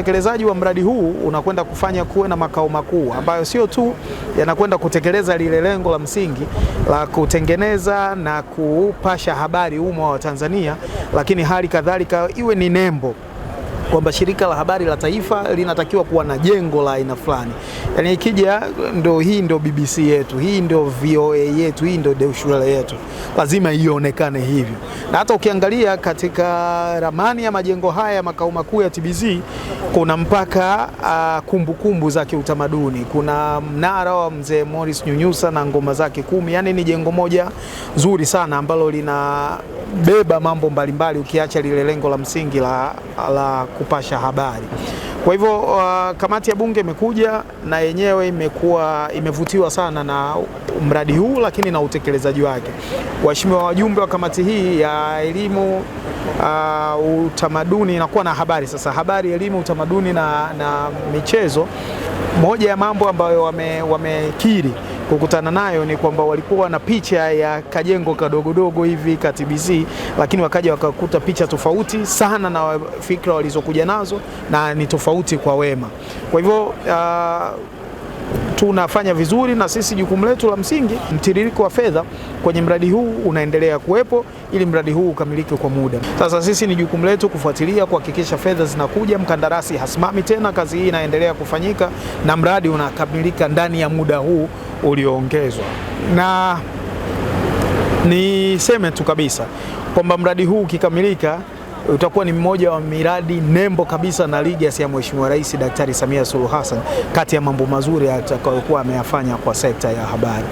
utekelezaji wa mradi huu unakwenda kufanya kuwe na makao makuu ambayo sio tu yanakwenda kutekeleza lile lengo la msingi la kutengeneza na kupasha habari umma wa Tanzania, lakini hali kadhalika iwe ni nembo kwamba shirika la habari la taifa linatakiwa kuwa na jengo la aina fulani. Yaani ikija ndo hii ndo BBC yetu, hii ndo VOA yetu, hii ndo Deutsche Welle yetu, lazima ionekane hivyo na hata ukiangalia katika ramani ya majengo haya ya makao makuu ya TBZ kuna mpaka ah, kumbukumbu uh, kumbu za kiutamaduni. Kuna mnara wa mzee Morris Nyunyusa na ngoma zake kumi. Yani ni jengo moja zuri sana ambalo linabeba mambo mbalimbali ukiacha lile lengo la msingi la, la kupasha habari. Kwa hivyo uh, kamati ya bunge imekuja na yenyewe imekuwa imevutiwa sana na mradi huu, lakini na utekelezaji wake. Waheshimiwa wajumbe wa kamati hii ya elimu uh, utamaduni inakuwa na habari sasa, habari, elimu, utamaduni na, na michezo, moja ya mambo ambayo wamekiri wame kukutana nayo ni kwamba walikuwa na picha ya kajengo kadogodogo hivi ka TBC, lakini wakaja wakakuta picha tofauti sana na fikra walizokuja nazo na ni tofauti kwa Wema. Kwa hivyo uh, tunafanya vizuri na sisi, jukumu letu la msingi, mtiririko wa fedha kwenye mradi huu unaendelea kuwepo ili mradi huu ukamilike kwa muda. Sasa sisi ni jukumu letu kufuatilia, kuhakikisha fedha zinakuja, mkandarasi hasimami tena, kazi hii inaendelea kufanyika na mradi unakamilika ndani ya muda huu ulioongezwa, na niseme tu kabisa kwamba mradi huu ukikamilika utakuwa ni mmoja wa miradi nembo kabisa na legacy ya Mheshimiwa Rais Daktari Samia Suluhu Hassan, kati ya mambo mazuri atakayokuwa ameyafanya kwa sekta ya habari.